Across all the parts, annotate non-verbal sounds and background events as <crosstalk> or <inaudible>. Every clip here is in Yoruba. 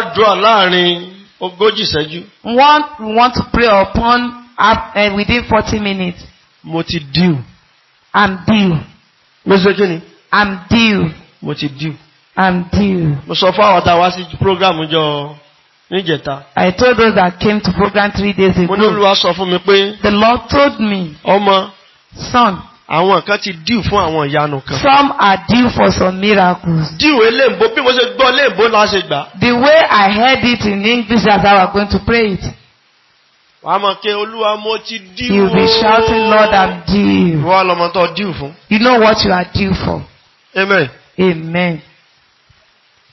àdúrà láàrin ogójì ìṣẹ́jú. One want to pray upon up, uh, eh, within forty minutes. Mo ti deal. I'm deal. Mo ṣe kí ni? I'm deal. Mo ti deal. I'm due. Mo sọ fún àwọn tá a wá sí program jọ níjẹta. I told those that came to program three days ago. Mo ní Olúwa sọ fún mi pé. The Lord told me. Ọmọ. Son àwọn kan ti díù fún àwọn ìyanu kan. some are due for some miracles. díù eléǹbó bí mo ṣe gbọ́ eléǹbó la ṣe gbà. the way I heard it in English as I was going to pray it. wàá mọ̀ pé olúwa mo ti díù o. you be shouting Lord I'm due. wọ́n lọ́mọ tó díù fún. you know what you are due for. amen. amen.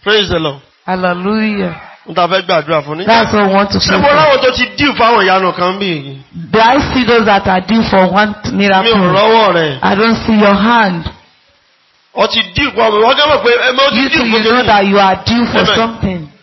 praise the Lord. hallelujah n fẹ́ gbàdúrà fún ní. that's what I want to say. ṣé mo ráwọ̀ tó ti deal fáwọn ìyanu kan bí. do I see those that are due for one miracle. mi ò rọ́wọ́ rẹ̀. I don't see your hand. o ti deal fún ọmọ wọn kẹ́ pé ẹ mọ̀ ti deal fún mi. you know that you are due for Amen. something. <laughs>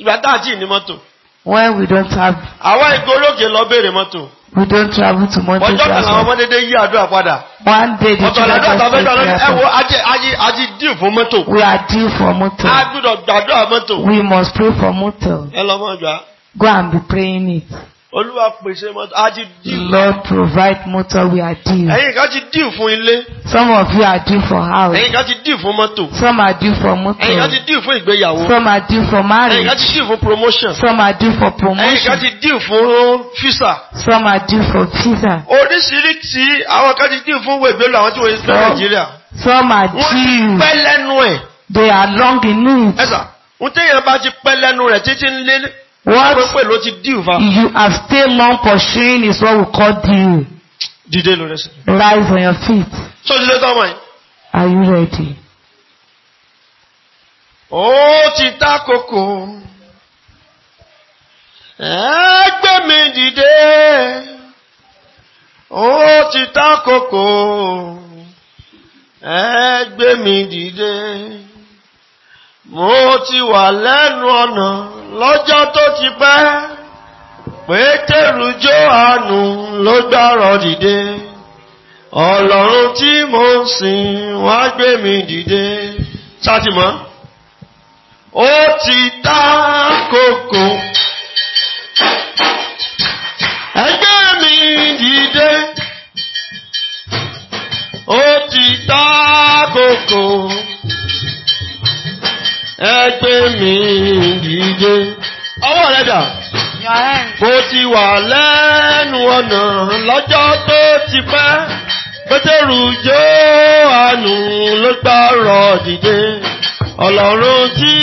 ìgbà tá a jì ní mọ́tò. when we don't have. àwa ìgbó olókè lọ béèrè mọ́tò. We don't travel to Monte Jaso. Ọjọ́ kan àwọn ọmọdédé yí àdúrà padà. One day the children just take their time. Ẹ wo ajé ajé ajé deal fún mọ́tò. We are due for mọ́tò. A gbọ́dọ̀ gbàdúrà mọ́tò. We must pray for mọ́tò. Ẹ lọ mọ́ ọjà. Go and be praying it. Olúwa pèsè mọ́tò. A ti deal. Lord provide motor we are due. Ẹ̀yin kan ti deal fún ilé. Some of you are due for house. Ẹ̀yin kan ti deal fún mọ́tò. Some are due for motor. Ẹ̀yin kan ti deal fún ìgbéyàwó. Some are due for marriage. Ẹ̀yin kan ti deal fún promotion. Some are due for promotion. Ẹ̀yin kan ti deal fún visa. Some are due for visa. Oríṣiríṣi àwọn kan ti deal fún wègbélú àwọn tí wọ́n ń gbé Nàìjíríà. Some are due. Wọ́n ti pẹ́ lẹ́nu ẹ̀. They are long in need. Ẹ̀sà, ń tẹ̀yàn bá ti pẹ́ lẹ́nu rẹ̀ títí ń lé What you are still long pursuing is what we call deal. Dìde lórí ẹsẹ̀. Rise on your feet. Ṣé o ti dé Are you ready? Ó ti ta kókó. Ẹ mi dìde. Ó ti ta kókó. Ẹ mi dìde mo ti wà lẹ́nu ọ̀nà lọ́jọ́ tó ti pẹ́ pétérù jóhánù ló gbárọ̀ dìde ọlọ́run tí mo ń sìn wá gbé mi dìde sátìmọ́ ó ti ta kókó ẹ gbé mi dìde ó ti ta kókó ẹ mi dìde. ọwọ́ rẹ dà. mo ti wà lẹ́nu ọ̀nà lọ́jọ́ tó ti pẹ́. pétérù Jòhánù ló gbọ́rọ̀ dìde. ọlọ́run tí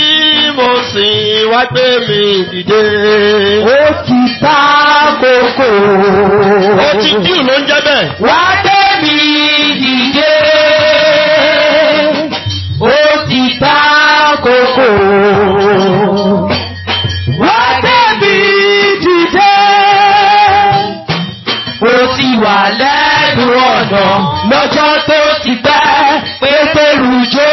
mo sìn wá gbé mi dìde. ó ti ta kókó. ó ti díù ló ń jẹ́ bẹ́ẹ̀. wá gbé mi dìde. kòkòrò. Wọ́n débi dìde, ó ti wà lẹ́nu ọ̀nà lọ́jọ́ tó ti pẹ́ pé pẹ̀lú jó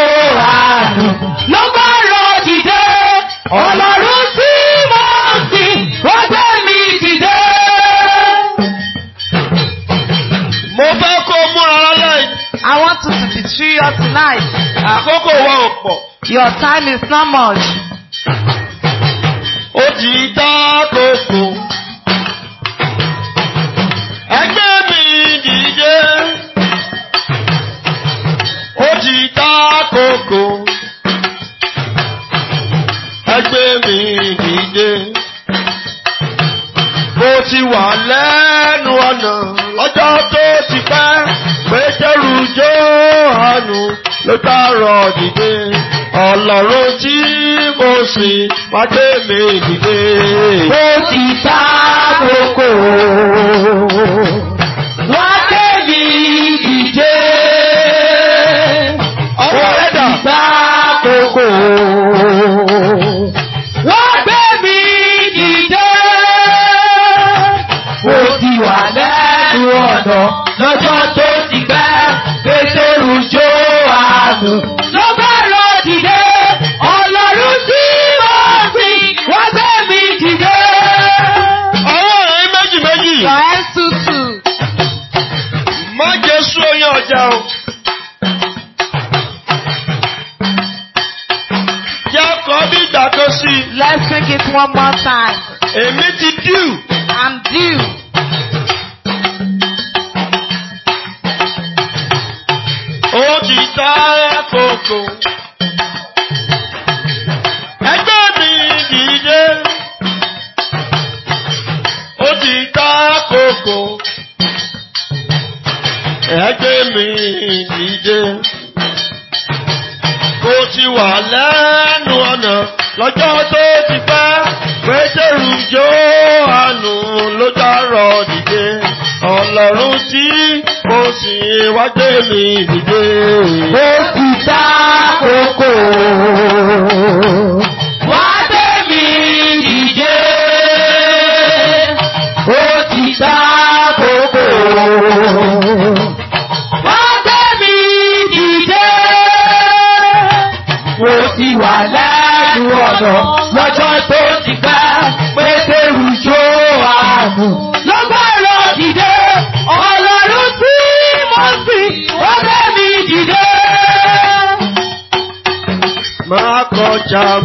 àdùn. Ló bá rọ dìde, ọlọ́run sí mọ́ sí, wọ́n débi dìde. Mo fẹ́ kó múra lọ́lẹ́. I want to be three years tonight. Àkókò wọn ò Your time is not much. Ó ti dá koko. Ẹgbẹ́ mi dìde. Ó ti dá koko. Ẹgbẹ́ mi dìde. Mo ti wà lẹ́nu ọ̀nà lọ́jọ́ tó ti pẹ́. Pétérù Jóhánù ló dárọ̀ dìde. Ọlọ́run tí mo sì pàdé mi dìde. Ó ti sá. Hallelujah. Raja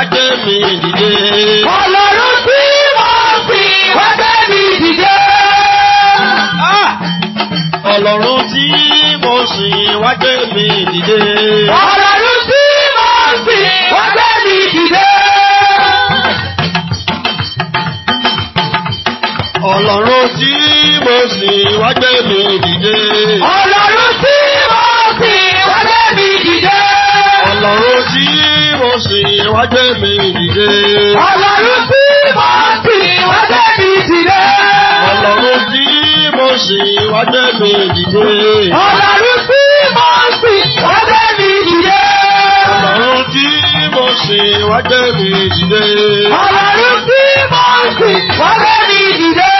wájú mi dìde. ọlọ́run tí ah! mo fi wájú mi dìde. ọlọ́run tí mo sì wájú mi dìde. ọlọ́run tí mo sì wájú mi dìde. ọlọ́run tí mo sì wájú mi dìde. ọlọ́run. sì wá gbé mi dìde. Ọlọ́run tí mo sì wá gbé mi dìde. Ọlọ́run tí mo sì wá gbé mi dìde. Ọlọ́run tí mo sì wá gbé mi dìde. Ọlọ́run tí mo sì wá gbé mi dìde. Ọlọ́run tí mo sì wá gbé mi dìde.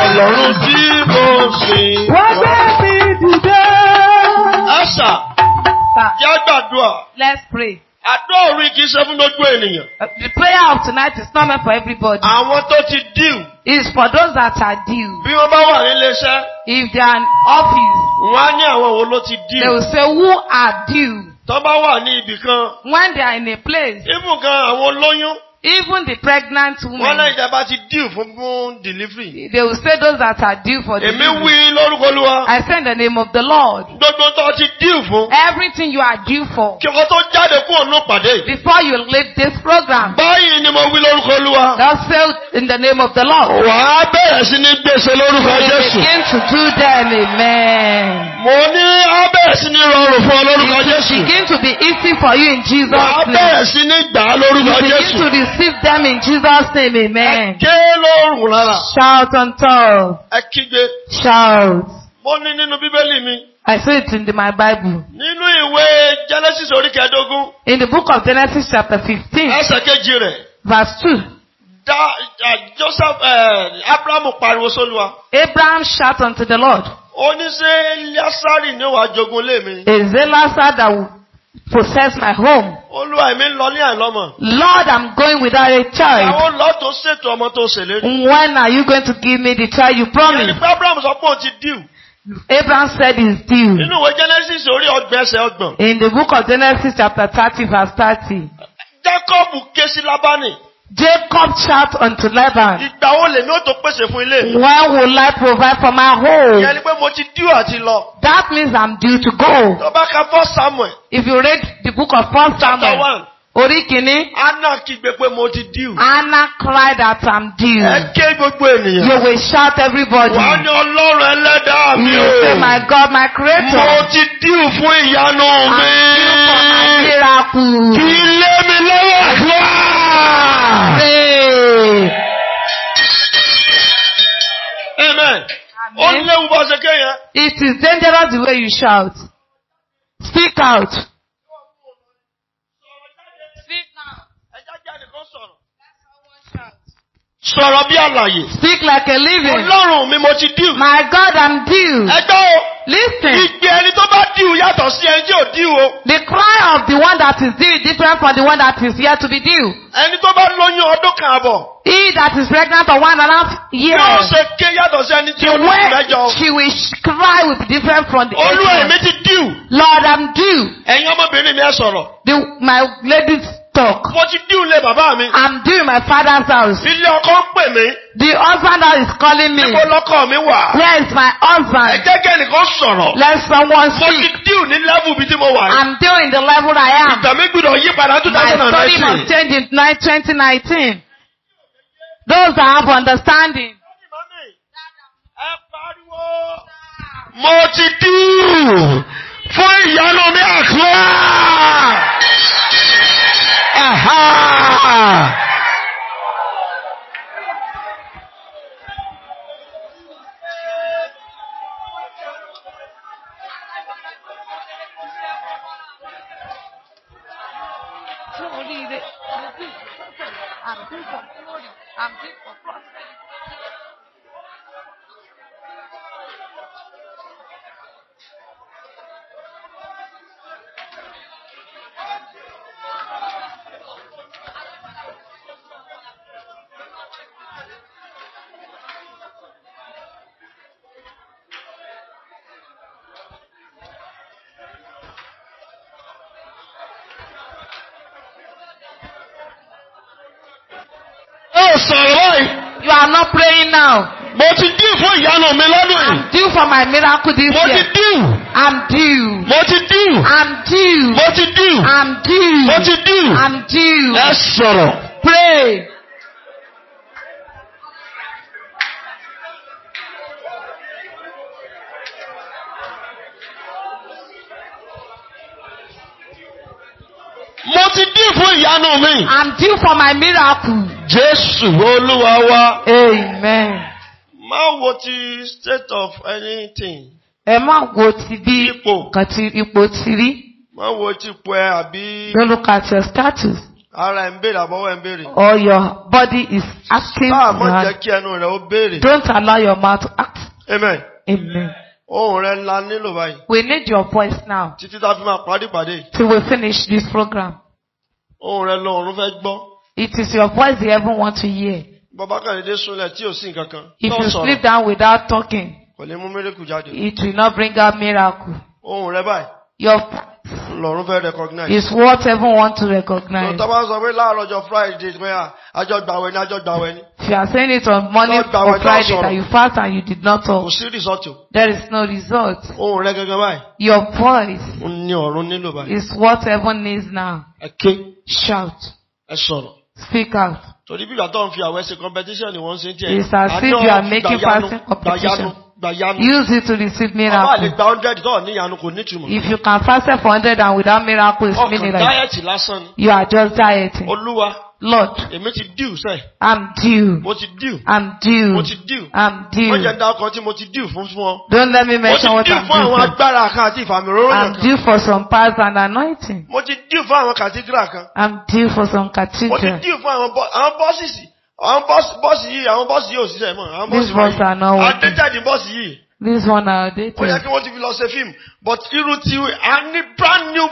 Ọlọ́run tí mo sì wá gbé mi dìde. Àṣà, kí á gbàdúrà. Let's pray mi kì í ṣe fún gbogbo ènìyàn. Uh, the prayer of tonight is not meant for everybody. Àwọn tó ti deal is for those that are due. Bí wọ́n bá wà nílé If they are in office. Wọ́n á ní àwọn wo ló ti due. They will say who are due. Tọ́ bá wà ní ibì kan. When they are in a place. Ibùkan àwọn olóyún. Even the pregnant women. Wọ́n lẹ́yìn ìjàmbá ti due fún delivery. They will say those that are due for delivery. Èmi wí lórúkọ Olúwa. I send the name of the Lord. Gbogbo tó ti due fún. Everything you are due for. Kí ọkọ tó jáde kúrò ní pàdé. Before you leave this program. Báyìí ni mo wí lórúkọ Olúwa. Thou say in the name of the Lord. Wà á bẹ̀rẹ̀ sí ní gbèsè lórúkọ Jésù. We begin to do them, amen. Mo ní á bẹ̀rẹ̀ sí ní rọrùn fún ọ lórúkọ Jésù. It begin to be easy for you in Jesus' name. Wà á bẹ̀rẹ̀ sí ní gbà á lórúkọ Jésù. You begin to be receive them in Jesus' name, amen. Ẹ ké lóòrùn lára. Shout on top. Ẹ kígbe. Shout. Mo ní nínú Bíbélì mi. I saw it in the, my Bible. Nínú ìwé Genesis orí kẹẹ̀dógún. In the book of Genesis chapter fifteen. Ẹsẹ̀ kejì rẹ̀. Verse two. Da eh, Joseph uh, Abraham pariwo sólúwa. Abraham shout unto the Lord. Ó Lásárì ni ó wàá jogún lé mi. Èzé Lásárì that possess my home. Olúwa èmi ń lọ ní àìlọ́mọ. Lord I'm going without a child. Àwọn lọ tó ṣètò ọmọ tó ṣèlérí. When are you going to give me the child you promised? Ìyẹn ni pé Abraham sọ pé òun ti dìú. Abraham said is due. Inú ìwé Genesis orí ọgbẹ́sẹ̀ ọgbọ̀n. In the book of Genesis chapter thirty verse thirty. Jacob ké sí Lábánì. Jacob chat unto Laban. Ìgbà wo lèmi ó tó pèsè fún ilé? When will I provide for my home? Ìyẹn ni pé mo ti due àti lọ. That means I'm due to go. Tó bá ka first Samuel. If you read the book of first Samuel. Chapter one. Orí kìíní. Anna kígbe pé mo ti due. Anna cried that I'm due. Ẹ ké gbogbo ènìyàn. You will shout everybody. Wà á ní Ọlọ́run ẹlẹ́dàá mi o. You say my God my creator. Mo ti due fún ìyanu mi. I'm due for my miracle. Kì í lé mi lọ́wọ́. Amen. Ó léwu bá ṣe kéèyàn. It is dangerous the way you shout. Speak out. sọ̀rọ̀ bí àlàyé. Speak like a living. Ọlọ́run mi mo ti díù. My God I'm due. Ẹgbẹ́ o. Listen. Ìgbé ẹni tó bá díù yàtọ̀ sí ẹni tí ò díù o. The cry of the one that is due different from the one that is yet to be due. Ẹni tó bá lóyún ọdún kan àbọ̀. He that is pregnant for one and a half year. Yóò ṣe ké yàtọ̀ sí ẹni tí ó lóyún mẹ́jọ. The way she will cry will be different from the. Olú ẹ̀mí ti díù. Lord I'm due. Ẹ̀yin ọmọbìnrin mi ẹ sọ̀rọ̀. The my ladies stock. Mo ti dín ilé bàbá mi. I'm doing my father's house. Ilé ọkọ ń pè mí. The husband now is calling me. Níbo lọ́kọ mi wà? Where is my husband? Ẹ jẹ́ ẹnìkan sọ̀rọ̀. Let someone speak. Mo ti dín ní level bí tí mo wà. I'm doing the level I am. Ìgbà mi gbọ́dọ̀ yí padà two thousand and nineteen. My story must change in twenty Those that have understanding. Mo ti dín fún ìyanu ní àkúrà. Aha! sọ̀rọ̀ báyìí. You are not praying now. Mo ti dín fún ìyanu mi lọ́dún yìí. I'm due for my miracle this year. Mo ti dín. I'm due. Mo ti dín. I'm due. Mo ti dín. I'm due. Mo ti dín. I'm due. Ẹ sọ̀rọ̀. Pray. fún mi. I'm due for my miracle. Jésù Olúwa wa. Amen. Má wo ti state of anything. Ẹ má wo ti bí ipò kan ti ipò ti rí. Má wo ti ipò ẹ àbí. Don't look at your status. Ara ẹ̀ ń béèrè àbọ̀wọ́ ẹ̀ ń béèrè. Or your body is acting. Báà mọ̀ jẹ́ kí ẹnu rẹ̀ ó béèrè. Don't allow your mouth to act. Amen. Amen. Ohun rẹ̀ la nílò báyìí. We need your voice now. Títí tá a fi máa parí ìpàdé. Till we finish this program. Ohùn lọ́run fẹ́ gbọ́. It is your voice the heaven want to hear. Bàbá Kàdédé súnlẹ̀ tí ò sí nǹkan kan. If you sleep down without talking. Kò lè mú miracle jáde. It will not bring out miracle. Ohùn rẹ báyìí. Your lọ́run fẹ́ recognize. is what heaven want to recognize. lọ́tọ́ bá sọ pé láàárọ̀ ọjọ́ friday pé àjọ gbàwẹ̀ ni àjọ gbàwẹ̀ ni. if you are saying it on monday or friday that you fast and you did not talk. kò sí result o. there is no result. ohùn rẹ gẹ́gẹ́ báyìí. your voice. ni ọ̀run nílò báyìí. is what heaven needs now. ẹ ké. shout. ẹ sọ̀rọ̀. speak out. torí bí ìgbà tó ń fi àwẹ̀ ṣe competition ni wọ́n ń ṣe tiẹ̀. it's as if you are making fasting competition use it to receive miracles. if you can fast for 100 and without miracles, meaningless. you are just dieting. Lord. Èmi due I'm due. I'm due. I'm due. Don't let me mention what I'm due for. I'm due for some powers and anointing. Mo due fún àwọn cathedral I'm due for some cathedral àwọn bọ́ọ̀sì bọ́ọ̀sì yìí àwọn bọ́ọ̀sì yìí ò ṣiṣẹ́ mọ́ àwọn bọ́ọ̀sì yìí àdéjáde bọ́ọ̀sì yìí. this one are dating. ó yẹ kí wọ́n ti fi lọ ṣe fíìmù but irú ti a ní brand new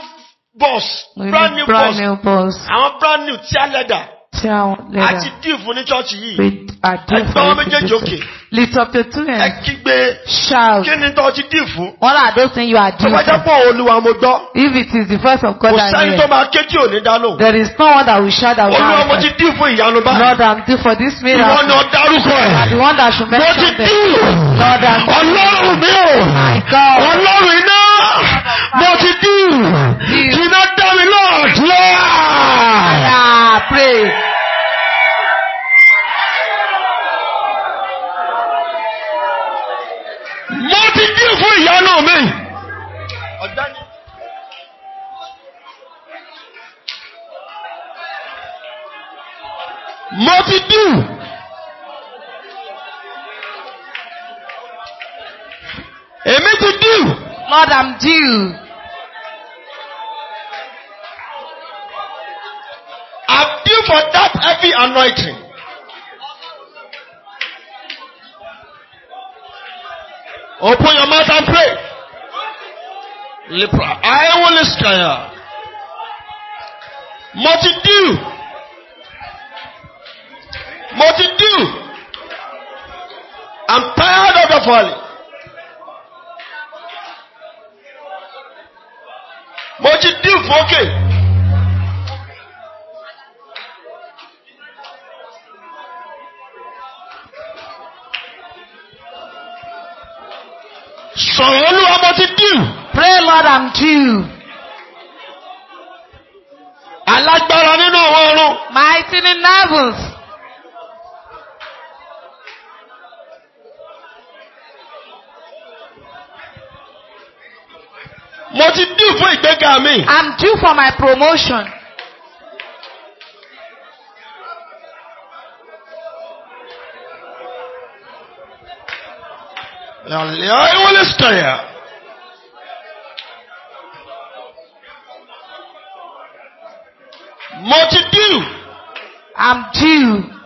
bus brand new brand bus àwọn brand new tíálẹ̀dà down leather. àti díì fún ní church yìí. we are due for a big meeting. lift up your two hands. ẹ kígbe. shout. kí ni tó ti díì fún. all are those things you are due jẹ́ pọ̀ olúwa mo gbọ́. if it is the first of God I hear. kò sẹ́ni tó máa ké tí ò ní dánú. there is no one that will shout that will not. olúwa mo ti díì fún ìyanu báyìí. Lord I'm due for this miracle. ìwọ ni o dárúkọ ẹ. the one that should mention them. mo ti díì. my God mo ti dùn kí iná dá Lord, náà pray. mo ti dín fún ìyanu mi. mo ti dín. èmi ti dín. Lord, I'm due. I'm due for that heavy anointing. Open your mouth and pray. Lepra. I will do, Multitude. do. I'm tired of the folly. ó ti dín fókè. sọ̀rọ̀ olúwa mo ti dín. pray lord i'm due. alágbára nínú àwọn ọ̀run. mighty in heavens. mo ti do fún ìgbéga mi. I'm due for my promotion. Yàrá ìwọlé sọ̀yà. Mo ti dùn. I'm due.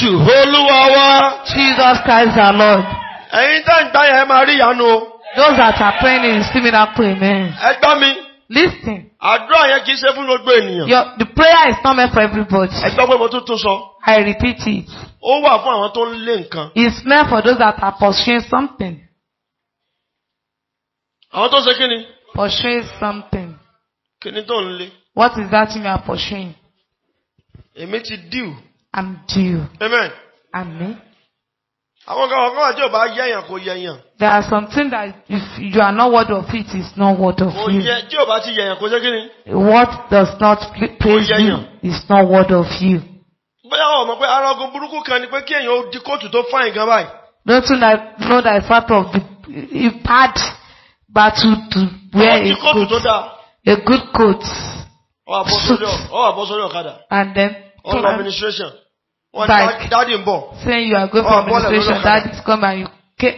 Jésù Olúwa wa. Jesus Christ our Lord. Ẹ̀yin tá ń gbá yẹn máa rí ìyanu o. Those that are praying in miracle amen. Ẹ gbọ́ mi. Listen. Àdúrà yẹn kì í ṣe fún gbogbo ènìyàn. Your the prayer is not meant for everybody. Ẹ gbọ́ pé mo tún tún sọ. I repeat it. Ó wà fún àwọn tó ń lé nǹkan. It's meant for those that are pursuing something. Àwọn tó ń ṣe kí ni? Pursuing something. Kí ni tó ń lé? What is that thing you are pursuing? Èmi ti deal. I'm due. Amen. Amen. Àwọn kan àwọn kan wà tí ò bá yẹ̀yàn kò There are something that if you are not worth of it it's not worth of you. Kò yẹ tí ò bá ti yẹ̀yàn kò ṣe kí ni. What does not praise you is not worth of you. Bóyá àwọn ọmọ pé arágun burúkú kan ni pé kí èèyàn ó di kóòtù tó fáìn gan báyìí. Don't you know that part of the part battle to wear a coat. A good coat. Ọ̀ àbọ̀ sórí ọ̀kadà. And then. All administration. Wọ́n ní dáàdì ń bọ̀. Say you are going for oh, administration, daddy come and you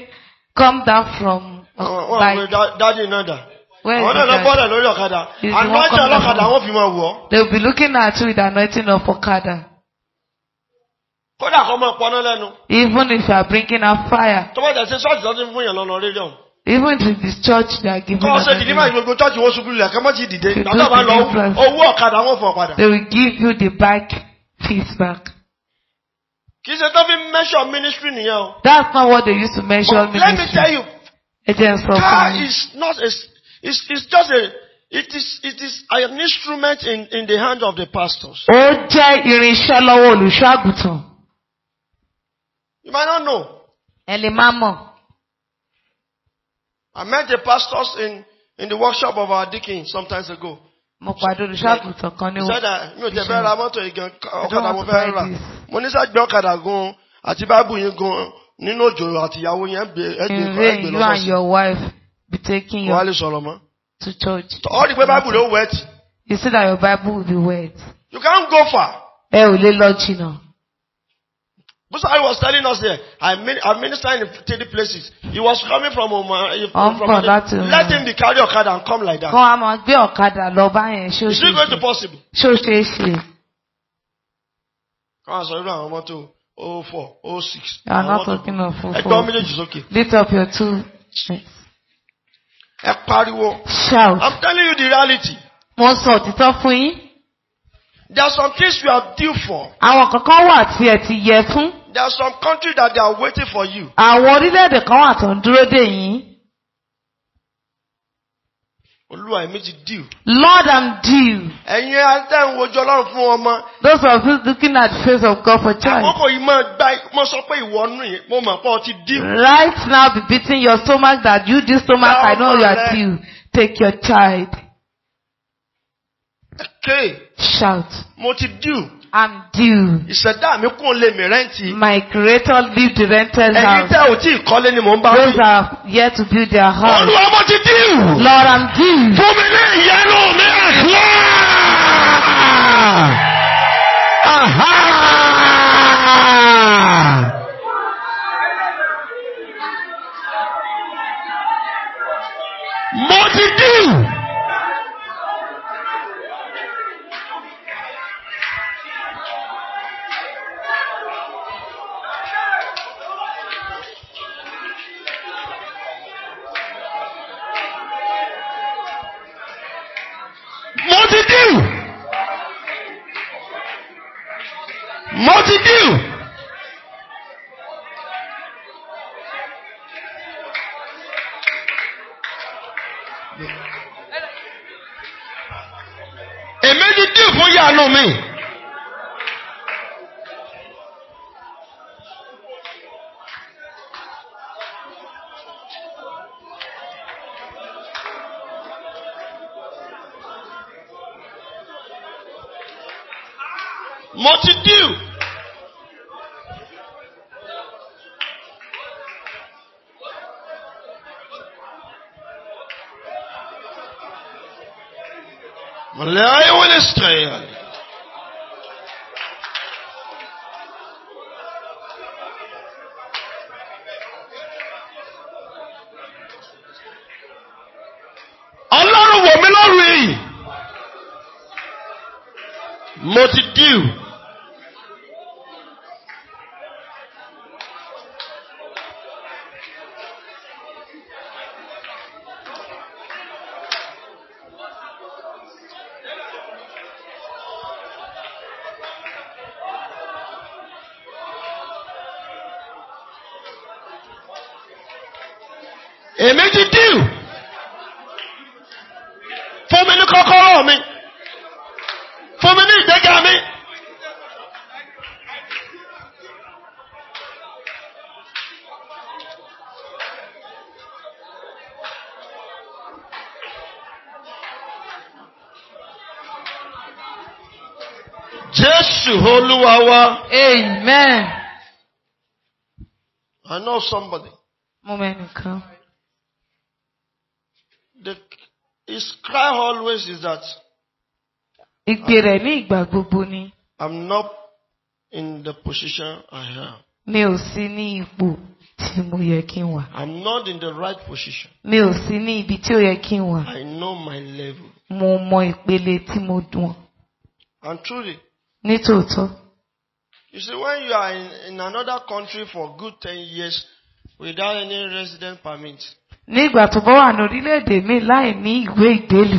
come down from uh, bike. Dáàdì náà dà. Wọ́n náà lọ bọ́ọ̀dà They will be looking at you with anointing of Okada. Even if you are bringing a fire. Tó bá jẹ́ sí ṣọ́ọ̀ṣì tó ti ń fún yàn lọ́nà rédíò. Even if it church that give you. Kọ́ ṣe dìde máa gbogbo church wo ṣubú lulẹ̀ kí wọ́n ti dìde. Tàbí àbá lọ owó ọ̀kadà wọn fún They will give you the bike feet back. Kì í ṣe tó fi measure ministry nìyẹn o. That's not what they used to measure But ministry. Let me tell you. Ẹ jẹ́ n Car is not a it's, it's just a it is it is an instrument in in the hand of the pastors. Ó jẹ́ irinṣẹ́ lọ́wọ́ olùṣọ́ You might not know. Ẹ lè má mọ̀. I met the pastors in in the workshop of our deacon sometimes ago mo pàdé olùṣàgùntàn kan ní wọn. mi ò tẹ fẹ́ ra mọ́tò igan ọ̀kadà mo fẹ́ rà mo ní sá gbé ọ̀kadà gan àti báàbù yín gan nínú òjò àti ìyàwó yẹn gbé ẹgbẹ́ ẹgbẹ́ lọ́wọ́ sí. you and your wife be taking your. wọ́n to church. ọ rí pé báàbù ló wet. you say that your bible will be wet. you can't go far. ẹ ò lè lọ jìnnà. Busari was telling us here, I mean, I ministered in 30 places. He was coming from Oma. Eh, from, from that, let him be carry Okada and come like that. Kọ́ àmọ́ gbé ọ̀kadà lọ báyẹn ṣó ṣe Is it going to possible? Show ṣe é ṣe. Kọ́ àwọn sọ irú àwọn oh four oh six. You are not talking of four four. Ẹgbẹ́ méjèèjì sókè. Lift up your two. Ẹ pariwo. Shout. I'm telling you the reality. Mo sọ òtítọ́ fún yín. There are some things you are due for. Àwọn kankan wà tí ẹ ti yẹ fún. There are some countries that they are waiting for you. Àwọn orílẹ̀-èdè kan wà tó ń dúró dè yín. Olúwa èmi ti dìú. Lord I'm due. Ẹ̀yin ajá ń wojú Ọlọ́run fún ọmọ. Those of you looking at the face of God for child. Àkókò yìí máa gba mo sọ pé ìwọ nù yìí mo mọ̀ pé o ti dìú. Right now be beating your stomach that you this stomach I know you are due. Take your child. Okay. Shout. Mo ti dìú am due. Ìṣẹ̀dá mi kún lè mi rẹ́ǹtì. My creator lived the rented house. Ẹyin tẹ́ ò tí ì kọ́lé ni mò ń bá wí. Those are yet to build their house. Olúwa mo ti dìú. Lord I'm due. Fún mi ní ìyẹnu mi àṣẹ. Mo ti dìú. ti dìú mo ti mostra ele. èmi ti díù fún mi ní kọ́kọ́rọ́ mi fún mi ní ìgbéga mi. Jésù Olúwa wa. Amen. I know somebody. Mo come. His cry always is that. Ìpè rẹ̀ ní ìgbà gbogbo ni. I'm not in the position I am. Mi ò sí ní ipò tí mo yẹ kí n wà. I'm not in the right position. Mi ò sí ní ibi tí ó yẹ kí n wà. I know my level. Mo mọ ìpele tí mo dùn. And truly. Ní tòótọ́. You see when you are in, in another country for good ten years without any resident permit nígbà tó bá wà ní orílẹ̀-èdè mi láì ní ìwé ìdélù.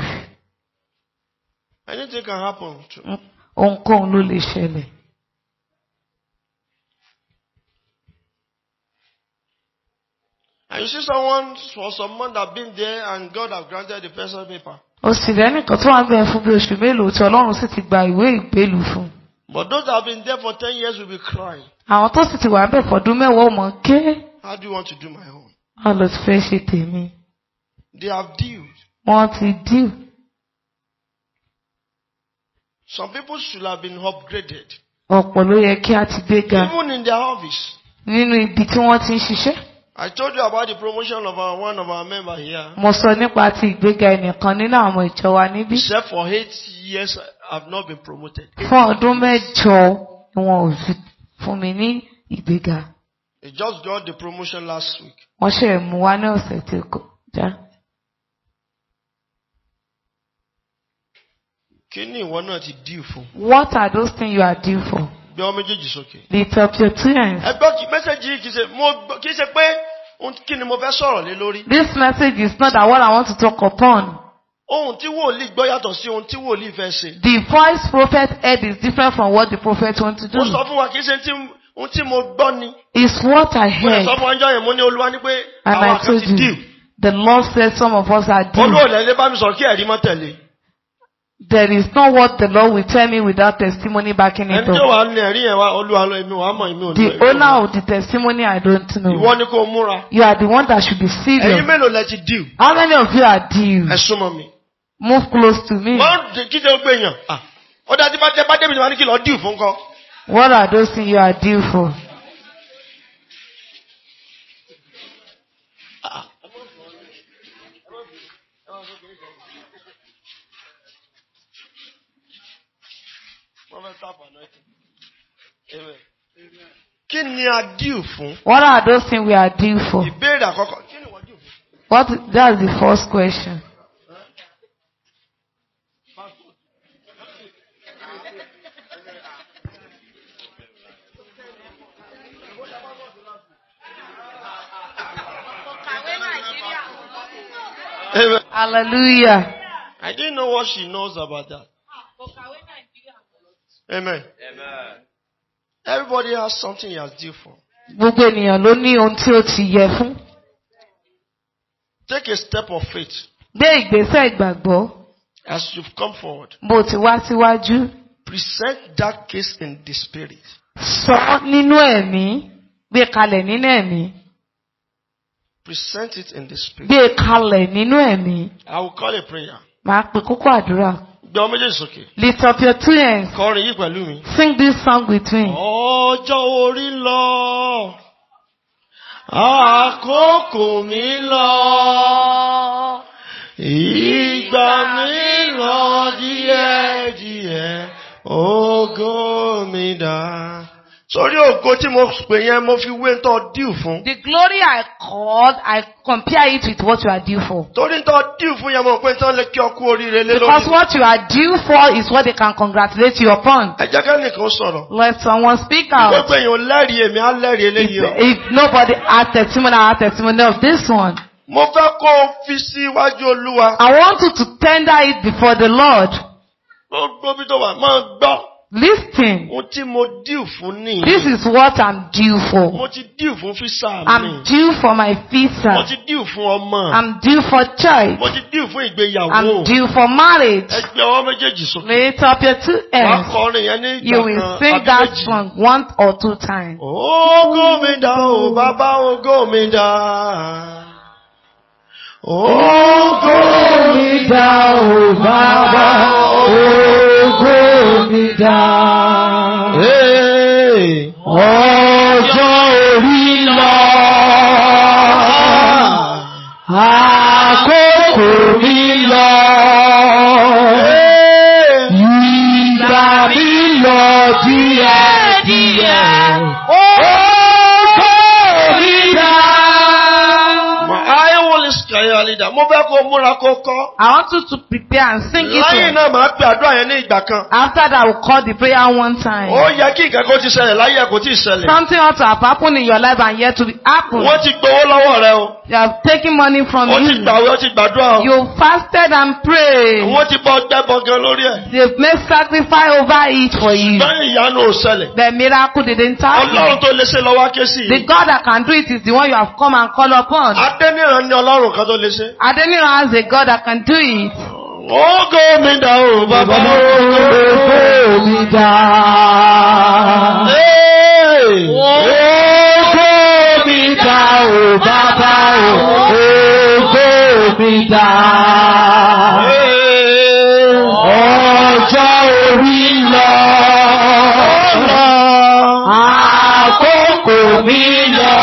anything can happen. Mm, ohunkóhun ló lè ṣẹlẹ̀. And you see someone for some month that been there and God have granted the person paper. O sì rẹ́ nìkan tó wà ń bẹ̀ fún bí oṣù mélòó tí Ọlọ́run sì ti gba ìwé ìgbélú fún. But those that have been there for ten years will be crying. Àwọn tó sì ti wà ń bẹ̀ fọdún mẹ́wàá mọ̀ ké. How do you want to do my own? Má lọ fẹ́ ṣe tèmi. They have dealt. Wọ́n ti deal. Some people should have been upgraded. Ọ̀pọ̀ ló yẹ kí a ti gbé ga. Even in their office. Nínú ibi tí wọ́n ti ń ṣiṣẹ́. I told you about the promotion of our, one of our members here. Mo sọ nípa ti ìgbéga ẹnìkan nínú àwọn ìjọ wa níbí. Except for eight years I have not been promoted. Fún ọdún mẹ́jọ ni wọn ò fún mi ní ìgbéga. He just got the promotion last week. Wọ́n ṣe mú wa ní ọ̀sẹ̀ tí kò já. Kí ni ìwọ náà ti deal fún? What are those things you are due for? Gbé ọmọ méjèèjì sókè. Lift up two hands. Ẹ gbọ́ mẹ́sẹ̀gì yìí kì í ṣe mo kì í ṣe pé kí ni mo fẹ́ sọ̀rọ̀ lé lórí. This message is not that what I want to talk upon. Ohun tí wòlíì gbọ́ yàtọ̀ sí ohun tí wòlíì fẹ́ ṣe. The voice prophet heard is different from what the prophet want to do. Mo sọ fún wa kì í ṣe tí ohun tí mo gbọ́ ni. is what I heard. mo lè sọ fún ọjọ́ yẹn mo ní olúwa ni pé àwọn àkàn ti deal. the Lord said some of us are deal. olóòlù ẹlẹ́ bá mi sọ̀rọ̀ kí ẹ̀rí mọ́ tẹ̀lé. There is not what the Lord will tell me without testimony backing it up. Ẹni tí wàá ní ẹ̀rí yẹn wá olúwa lọ èmi wàá mọ̀ èmi ò lọ. The owner of the testimony I don't know. Ìwọ ni kò múra. You are the one that should be serious. Ẹ̀yin mélòó lẹ ti deal? How many of you are deal? Ẹ súnmọ́ mi. Move close to me. Wọ́n kí ṣe ó gbẹ̀yàn. Ọ̀dà tí bá tẹ bá débi ni wọ́n ní kí lọ deal fún kan. What are those things you are due for? Kí ni a due fún? What are those things we are due for? Ìbéèrè àkọ́kọ́. What that's the first question. Amen. Hallelujah. I didn't know what she knows about that. Amen. Amen. Everybody has something he has due for. Gbogbo ènìyàn ló ní ohun tí ó ti yẹ fún. Take a step of faith. Gbé ìgbésẹ̀ ìgbàgbọ́. As you've come forward. Bó ti wá síwájú. Present that case in the spirit. Sọ nínú ẹ̀mí, gbé kalẹ̀ nínú ẹ̀mí. Present it in the spirit. Gbé e kalẹ̀ nínú ẹ̀mí. I will call a prayer. Màá pe kókó àdúrà. Gbé ọmọ méjèèjì sókè. Lift up your two hands. Kọrin yìí pẹ̀lú mi. Sing this song with me. Ọjọ́ orí lọ, àkókò mi lọ, ìgbà mi lọ díẹ̀díẹ̀, ògo mi dà. Sórí ògo tí mo pè yẹn, mo fi wé tó díù fún. The glory I called, I compare it with what you are due for. Torí tó díù fún yẹn, mo pè tó lè kí ọ oríire lé lórí. Because what you are due for is what they can congratulate you upon. Ẹ jẹ́ kẹ́nìkan sọ̀rọ̀. Let someone speak out. Ìgbẹ́ pé èèyàn lẹ́rìí èmi á lẹ́rìí eléyìí o. If nobody has testimony, I have testimony of this one. Mo fẹ́ kó o fi sí iwájú Olúwa. I want you to tender it before the Lord. Gbogbo bí tó wà máa gbọ́. Listen. Mo ti mo deal fún ni. This is what I'm due for. Mo ti deal fún fisa mi. I'm due for my visa. Mo ti deal fún ọmọ. I'm due for child. Mo ti deal fún ìgbéyàwó. I'm due for marriage. Ẹ gbé ọwọ́ méjèèjì sókè. Lift up your two ends. Wàá kọrin yẹn ní ìgbà kan. You will sing that song one or two times. Ògo mi dá o, bàbá ògo mi dá. Ògo mi dá o, bàbá ògo mi dá mi dá. Ọjọ́ orí lọ. múra kó I want you to prepare and sing it. Lẹ́yìn náà màá pe àdúrà yẹn ní ìgbà kan. After that I will call the prayer one time. Ó yẹ kí nǹkan kó ti ṣẹlẹ̀ láyé ẹ̀ kó ti ṣẹlẹ̀. Something ought to have happened in your life and yet to be happened. Wọ́n ti gbowó lọ́wọ́ rẹ o. You have taken money from you. O ti gbàwé o ti gbàdúrà o. You fasted and prayed. Wọ́n ti bọ́ gbẹ́bọ gan lórí ẹ̀. They have made sacrifice over it for you. Ṣùgbọ́n ìyanu ò ṣẹlẹ̀. The miracle didn't happen. Ọlọ́run tó lè ṣe lọ́wọ́ ké sí. The God that can do it is the one you have come and call upon. Adéníran ni Ọlọ́run kan tó lè ṣe. Adéníran has a God that can do it. Ògo mi dà o, bàbá ògo mi dà. Ògo mi dà o, bàbá ògo mi dà. Ọjọ́ orí lọ. Àkókò mi lọ.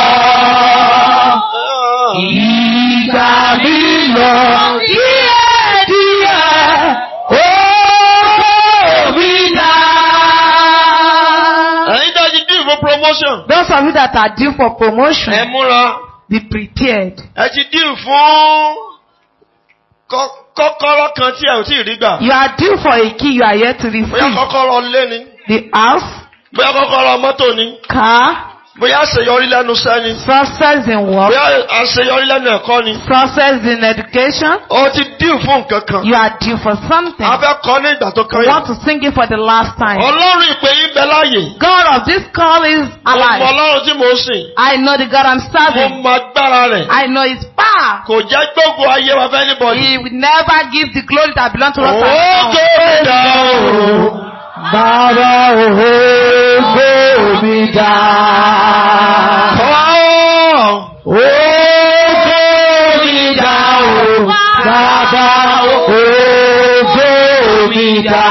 promotion. Those of you that are due for promotion. Ẹ múra. Be prepared. Ẹ ti dìrù fún kọ́kọ́rọ́ kan tí ẹ ò tí ì rí gbà. You are due for a key you are yet to receive. Bóyá kọ́kọ́rọ́ ilé ni. The house. Bóyá kọ́kọ́rọ́ mọ́tò ni. Car. Bóyá àṣeyọrí lẹ́nu iṣẹ́ ni. Success in work. Bóyá àṣeyọrí lẹ́nu ẹ̀kọ́ ni. Success in education. O ti due fún nǹkan kan. You are due for something. A fẹ́ kọ́ ní ìgbà tó kàn We want to sing it for the last time. Ọlọ́run ìpè yín bẹ láàyè. God of this call is alive. Mo mọ Ọlọ́run tí mo sìn. I know the God I'm serving. Mo mọ agbára rẹ̀. I know his power. Kò jẹ́ gbogbo ayé wa fẹ́ níbọ̀ ni. He will never give the glory that belong to us. Ó kéré dáa o. Bàbá òwe gbòmí ga. Ó gbòmí ga o, bàbá òwe gbòmí ga.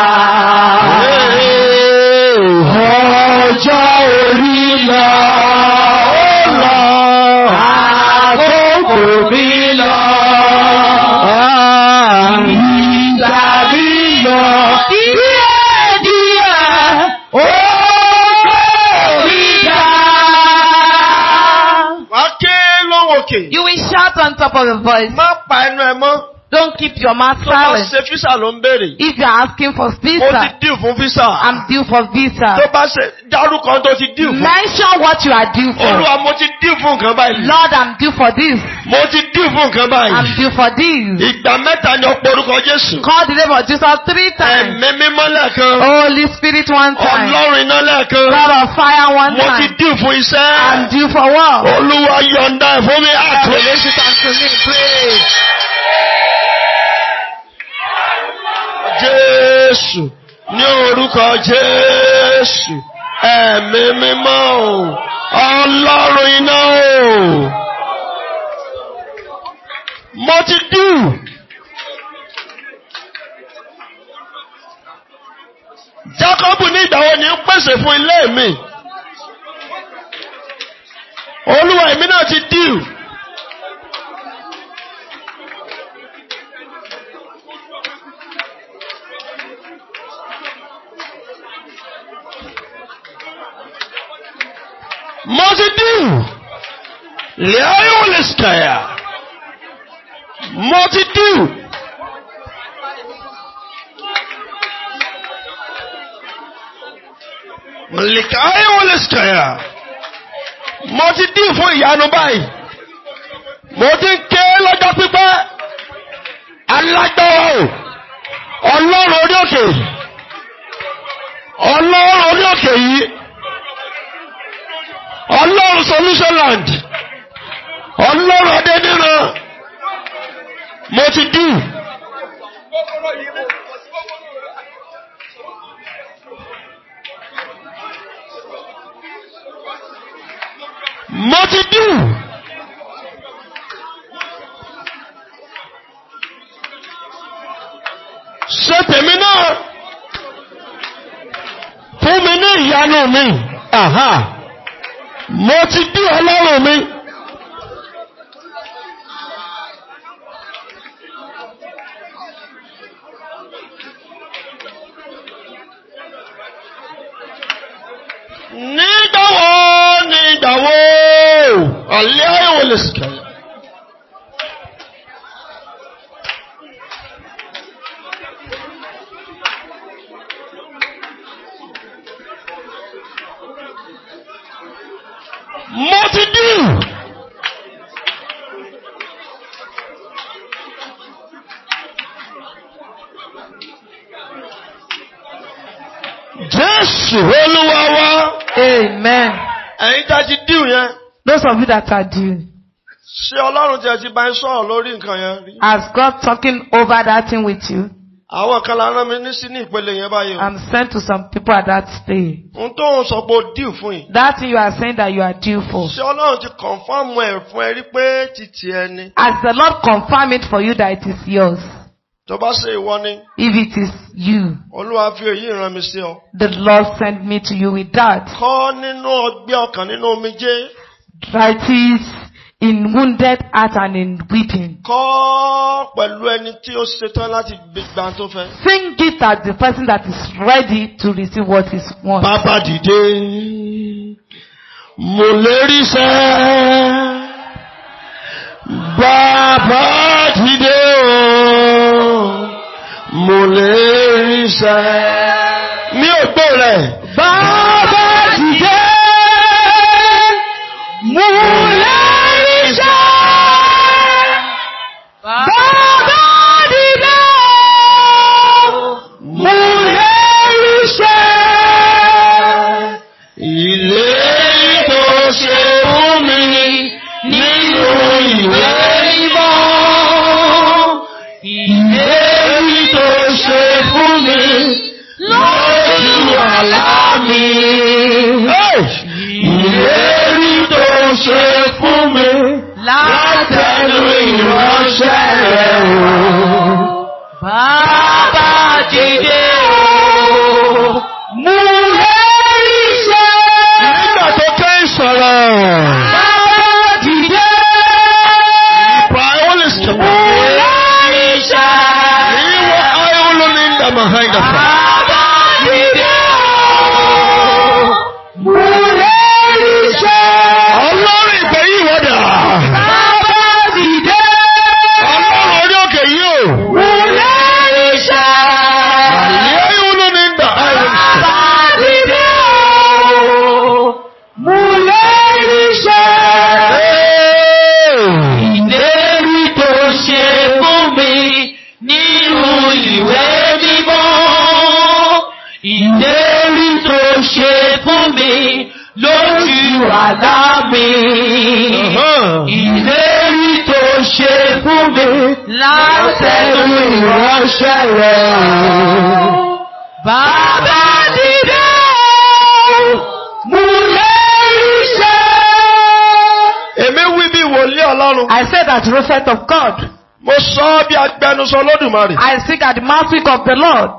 Ọjọ́ You will shout on top of the voice. Don't keep your mouth silent. Tó bá ṣe visa ló ń béèrè. If you are asking for visa. Mo ti deal fún visa. I'm due for visa. Tó bá ṣe dárúkọ tó ti deal fún. Mention what you are due for. Olúwa mo ti deal fún nǹkan báyìí. Lord I'm due for this. Mo ti deal fún nǹkan báyìí. I'm due for this. Ìgbà mẹ́ta ni ọ̀pọ̀ orúkọ Jésù. Call the name of Jesus three times. Ẹ̀mí mímọ́ lẹ́ẹ̀kan. Holy spirit one time. Ọlọ́run iná lẹ́ẹ̀kan. God of fire one time. Mo ti deal fún iṣẹ́. I'm due for work. Olúwa yọ̀ǹda ẹ̀fọ́ mi àtúnyẹ̀sí Jésù ní orúkọ Jésù ẹ̀mí mímọ́ o ọlọ́run iná o. Mo ti dùn. Jákọ́bù ní ìdáwọ́ ni ń pèsè fún ilé mi. Olúwa èmi náà ti dùn. lẹ́yìn olùsítàyà mo ti dùn. lẹ́yìn olùsítàyà mo ti dùn fún ìyanu báyìí mo ti ń ké lọ́jọ́ pípẹ́ alágbára ọlọ́run orí òkè ọlọ́run orí òkè yìí ọlọ́run solution land ọlọ́run adé níran mo ti dì. mo ti dì. ṣe tèmi náà fún mi ní ìyanu mi mo ti dì ọlọ́run mi. Telescope. Mo ti dín. Jésù Olúwa wa. Amen. Ẹ̀yin tá a ti dín yẹn. Those of you that are due. Ṣé Ọlọ́run tiẹ̀ ti bá ń sọ̀rọ̀ lórí nǹkan yẹn Has God talking over that thing with you? Àwọn kan la rán mi ní sí ní ìpele yẹn báyìí. I'm sent to some people at that stage. N tó ń sọ pé o due fún yìí. That thing you are saying that you are due for. Ṣé Ọlọ́run ti confirm ẹ̀ fún ẹ rí pé ti tiẹ̀ ni? Has the Lord confirm it for you that it is yours? Tó bá ṣe ìwọ ni. If it is you. Olúwa fi èyí rán mi sí ọ. The Lord sent me to you with that. Kọ́ nínú ọgbẹ́ ọkàn nínú omijé. Write it in wounded heart and in weeping. Kọ́ pẹ̀lú ẹni tí ó ṣetán láti gbà tó fẹ́. Sing it as the person that is ready to receive what is won. Bàbá dìde, mo lè rí sẹ́. Bàbá dìde o, mo lè rí sẹ́. Mi ò gbọ́ rẹ̀. Bàbá. I say that the prophet of God. Mo sọ bí agbẹnusọ Olódùmarè. I speak at the mouthpiece of the Lord.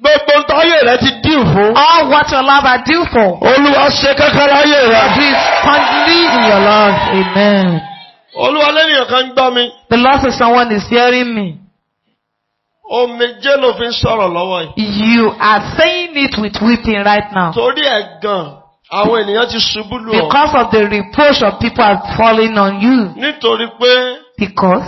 Gbogbo ń rẹ ti deal fún. All what your love are due for. Olúwa ṣe kankan ayé rẹ. Please kindly in your love. Amen. Olúwa lẹ́nìyàn kan gbọ́ mi. The Lord says someone is hearing me. Omijé ló fi ń sọ̀rọ̀ lọ́wọ́ yìí. You are saying it with weeping right now. Torí ẹ̀ gan. Àwọn ènìyàn ti ṣubú lù ọ́. Because of the reproach of people are falling on you. Nítorí pé. Because.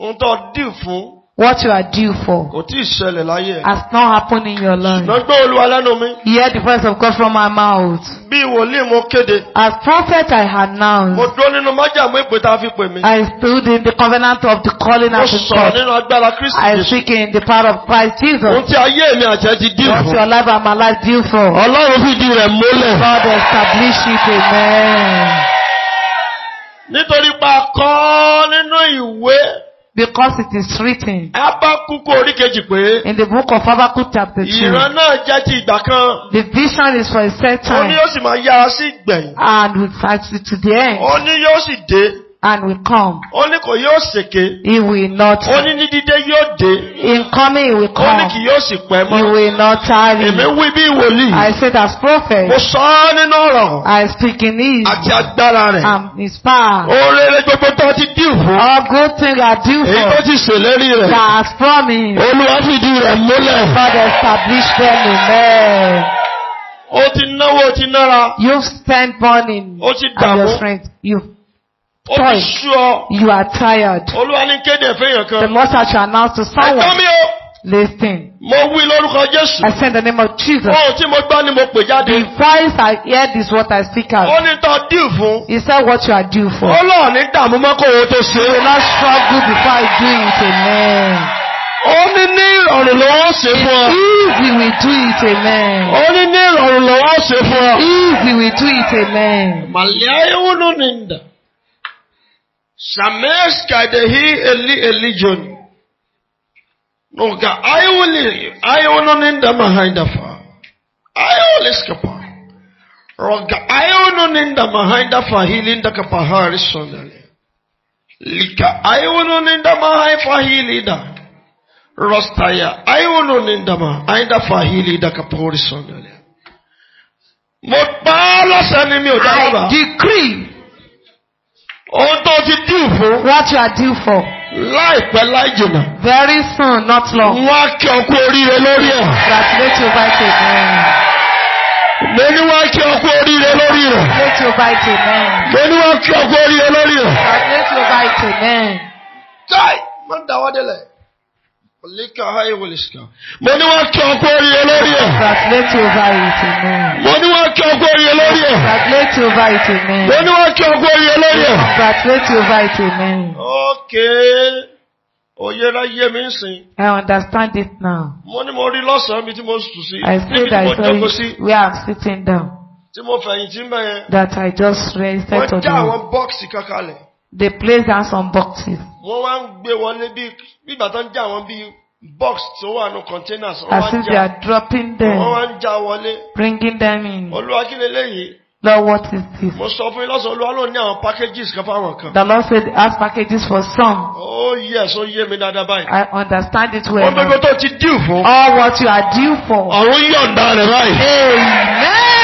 Ohun dì fún. What you are due for. Kò tí ì ṣẹlẹ̀ láyé. Has not happened in your life. Ṣùgbọ́n gbọ́ Olúwa lẹ́nu mi. You hear the voice of God from my mouth. Bí wòlíì mo kéde. As prophet I announced. Mo dúró nínú májàmú ìpè tá a fi pè mí. I stood in the covenant of the calling of the church. Mo sọ̀rọ̀ nínú agbára Kristi. I speak in the power of Christ Jesus. Ohun tí ayé mi àjẹ́ ti dìbò. What your life and my life due for. Ọlọ́run fìdí rẹ̀ múlẹ̀. God establish it, amen. Nítorí pa kọ́ nínú ìwé. Because it is written. Abakuku orí pé. In the book of Habakkuk chapter two. Ìran náà jẹ́ ti ìgbà kan. The vision is for a set time. Ó ní yóò sì máa yára sí ìgbẹ̀yìn. And with to the end. Ó yóò sì dé and will come. ó ní kò yóò ṣèké. he will not. ó ní ní dídé yóò dé. in coming he will come. ó ní kì yóò sì pẹ́ mọ́. he will not tarry. èmi wí bí wòlíì. I said as prophet. mo sọ ọ́ nínú ọ̀rọ̀. I speak in his. àti agbára rẹ̀. and his power. oore gbogbo tó ti dì fún. all good things are due for. èyí tó ti ṣèlérí rẹ̀. that has promised. olúwa fìdí rẹ̀ múlẹ̀. father establish them amen. Ó ti náwó ti nára. You've spent money. Ó ti dààmú. And your strength. You've time. You are tired. The Lord shall to announce to someone. Listen. Mo wí lórúkọ Jésù. I send the name of Jesus. Ohun tí mo gbọ́ ni mo pè jáde. The voice I heard is what I speak out. Ó ní tọ́ due fún. He said what you are due for. Ọlọ́run ní dààmú mọ́kòwó tó ṣe. You will not struggle before I do it. Amen. Ó ní ní ìrọ̀rùn lọ́wọ́ ṣe fún ọ. Easy we do it amen. Ó ní ní ìrọ̀rùn lọ́wọ́ ṣe fún ọ. Easy we do it amen. Màlẹ́ ayéwò ló ní ìdá. Samesh kadehi eli elijon. Noga ayoli ayononinda mahindafa. Ayoli skapa. Roga ayononinda fa hilinda kapahari sonale. Lika ayononinda fa hilida Rostaya ayononinda mahinda fahilinda kapahari fa hilida pa lọ́sẹ̀ ni mi ò dábàá. I decree. Ohun tó ti dìú fún. What you are due for. Láìpẹ́ láì jìnà. Very soon, not long. Wọ́n kí ọ oríire lórí ẹ̀. Congratulate you by faith. Mo ní wọ́n kí ọ oríire lórí rẹ̀. Congratulate you by faith. Mo ní wọ́n kí ọ oríire lórí rẹ̀. Congratulate you by faith. Jai, mo ń dáwọ́ délẹ̀. Mo ní wọ́n kí ọkọ oríye lórí ẹ̀. Mo ní wọ́n kí ọkọ oríye lórí ẹ̀. Mo ní wọ́n kí ọkọ oríye lórí ẹ̀. Okay òye rẹ yé mi sìn. I understand it now. mo ní mo rí lọ́sàn-án mi tí mo sùn sí. I say that I saw you where I'm sitting down. tí mo fẹ̀yìntì mẹ́yẹn. that I just rested on. wọ́n já àwọn bọ́ọ̀sì kankan lẹ̀. They place hands some boxes. Wọ́n wá ń gbé wọn ní bí ìgbà ń já wọn bí box tí ó wà ní containers. As if they are dropping them. Wọ́n wá ń já wọlé. Bringing them in. Olúwa kí leléyìí. Lord, what is this? Mo sọ fún yín Olúwa ló ní àwọn packages kan fáwọn kan. The Lord said ask packages for some. Oh yes, ó yé mi dáadáa báyìí. I understand it well. Ó gbogbo tó ti due fún. All what you are due for. Ọ̀run yọ̀ǹda rẹ̀ báyìí. Amen.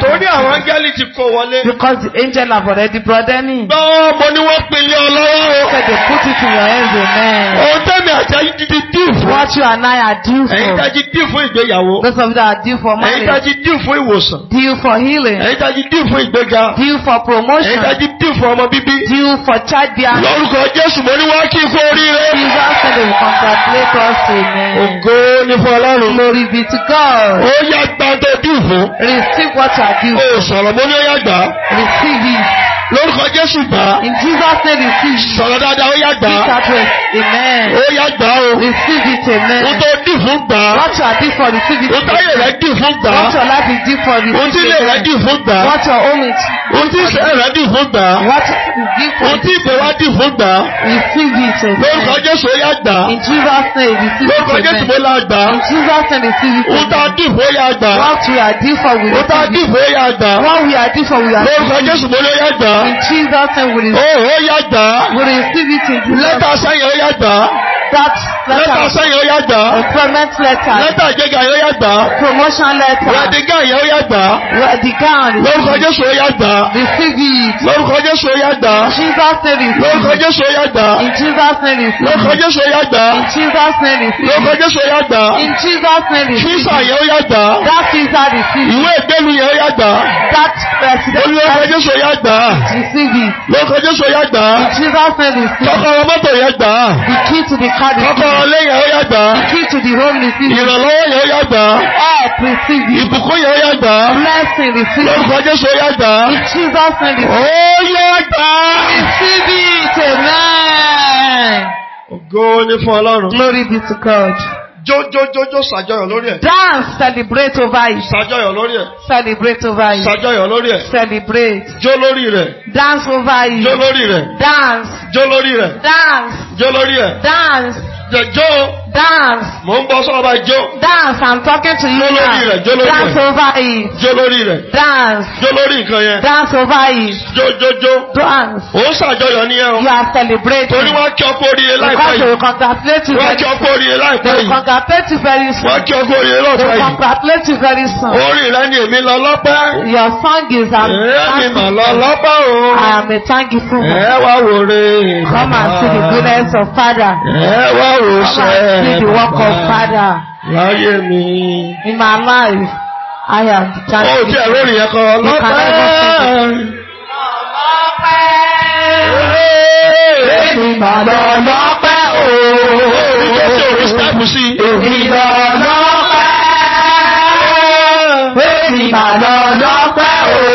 Torí àwọn áńgẹ́lì ti kó wọlé. Because the angel have already brought them in. Gbọ́ mo ní wọ́n pinlẹ̀ ọlọ́wọ́. He said they put it in your hands, amen. Ohun tẹ́mi àṣà yìí ti di due fún. What you and I are due for. Ẹ̀yin tají due fún ìgbéyàwó. Those of you are due for marriage. Ẹ̀yin tají due fún ìwòsàn. Due for healing. Ẹ̀yin tají due fún ìgbéga. Due for promotion. Ẹ̀yin tají due fún ọmọ bíbí. Due for childbearing. Lórúkọ Jésù mo ní wọ́n kí ikú oríire. Jesus said they will congratulate us, amen. Ògo ni fún Ọlọ́run. Glory be to God. Ó yá gbàdọ̀ due fún. Receive what I give. O sọ̀rọ̀ mo ní ó yàgbá. Receive it lórúkọ jésù gbà. in jesus name receive. sọ̀rọ̀ dáadáa ó yá gbà. this address amen. ó yá gbà o. receive it amen. ohun tó dì fún gbà. what you are did for receive it. ohun táyé rẹ dì fún gbà. what your life is for receive it. ohun tí ilé rẹ dì fún gbà. what your home is. ohun tí iṣẹ́ rẹ dì fún gbà. what you did for receive it. ohun tí ìfẹ́ dì fún gbà. receive it amen. lórúkọ jésù ó yá gbà. in jesus name receive it amen. lórúkọ jésù mo la gbà. in jesus name receive it amen. ohun tá a dì fún ó yá gbà. what we are did for we receive it. ohun tá dì fún yá gbà. what we are did for we are receiving it. lórúkọ jésù mo ló yá gbà. In Jesus' name, will receive, oh, oh, yeah, will receive it in Jesus' name. Let us say, oh, yeah, that letter. Lẹ́tà sẹ́yìn ó yá gbà. Employment letter. Lẹ́tà ìgbéga yóò yá gbà. Promotion letter. Rẹ̀dígàn yóò yá gbà. Rẹ̀dígàn. Lórúkọ Jésù ó yá gbà. Receive it. Lórúkọ Jésù ó yá gbà. Jesus name is. Lórúkọ Jésù ó yá gbà. In Jesus name is. Lórúkọ Jésù ó yá gbà. In Jesus name is. Lórúkọ Jésù ó yá gbà. In Jesus name is. Físà yẹn yá gbà. That visa receive. Ìwé ìgbélu yẹn ó yá gbà. That president. Lórúkọ Jésù ó yá gbà. Receive it. Lórúkọ Jésù ó yá gbà. In Jesus name is. Kọ́kọ́rọ́ mọ́tò yẹn gbà. The key to the card is key. Kọ́kọ́rọ́ lẹ́yìn ó yá gbà. Key to the home receive. Ìrànlọ́wọ́ yẹn ó yá Help receive. Ìbùkún yẹn ó yá Blessing receive. Lórúkọ Jésù ó yá Jesus name receive. Ó yá Receive it, amen. Ògo ni fún Ọlọ́run. Glory be to God jójójójó ṣàjọyọ̀ lórí ẹ̀. dance celebrate over it. ṣàjọyọ̀ lórí ẹ̀. celebrate over it. ṣàjọyọ̀ lórí ẹ̀. celebrate. jó lórí rẹ̀. dance over it. jó lórí rẹ̀. dance. jó lórí rẹ̀. dance. jó lórí rẹ̀. dance. jẹjọ́. Dance. Mo ń bọ́ sọ́wọ́ bá jó. Dance, I'm talking to you now. Jólórí rẹ̀, jólórí rẹ̀. Dance over it. Jólórí rẹ̀. Dance. Jólórí nǹkan yẹn. Dance over it. Jó jó jó. Dance. Ó ṣàjọyọ̀ ní You are celebrating. Torí wọ́n kí ọkọ oríire láìpẹ́ yìí. Because they congratulate you very soon. Wọ́n kí ọkọ oríire láìpẹ́ yìí. They congratulate you very soon. Wọ́n kí ọkọ oríire lọ́pẹ́ yìí. They congratulate you very soon. Orin rẹ̀ ni èmi lọ lọ́pẹ́. Your song is am. Èmi mà lọ lọ́pẹ́ o. I am a thankful man carry the work of father. in my life I am the child. ó jẹ́ lórí yẹn ìbàdàn lọ́pẹ́ o. ìbàdàn lọ́pẹ́. ìbàdàn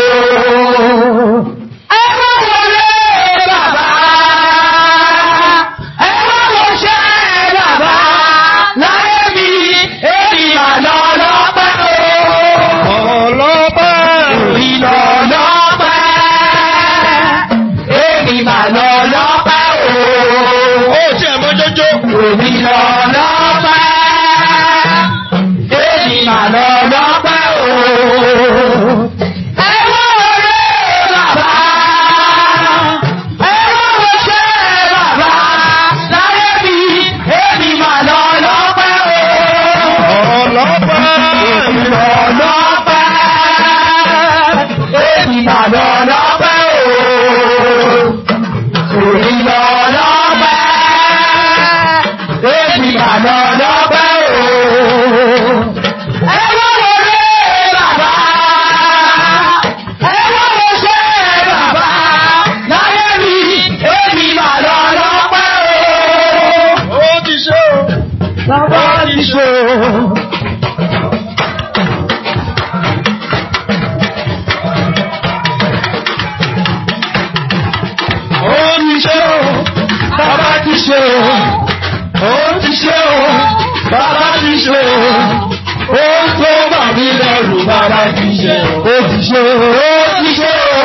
ṣe ó ti ṣe ó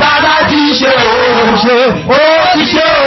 bàbá ti ṣe ó ṣe ó ti ṣe ó.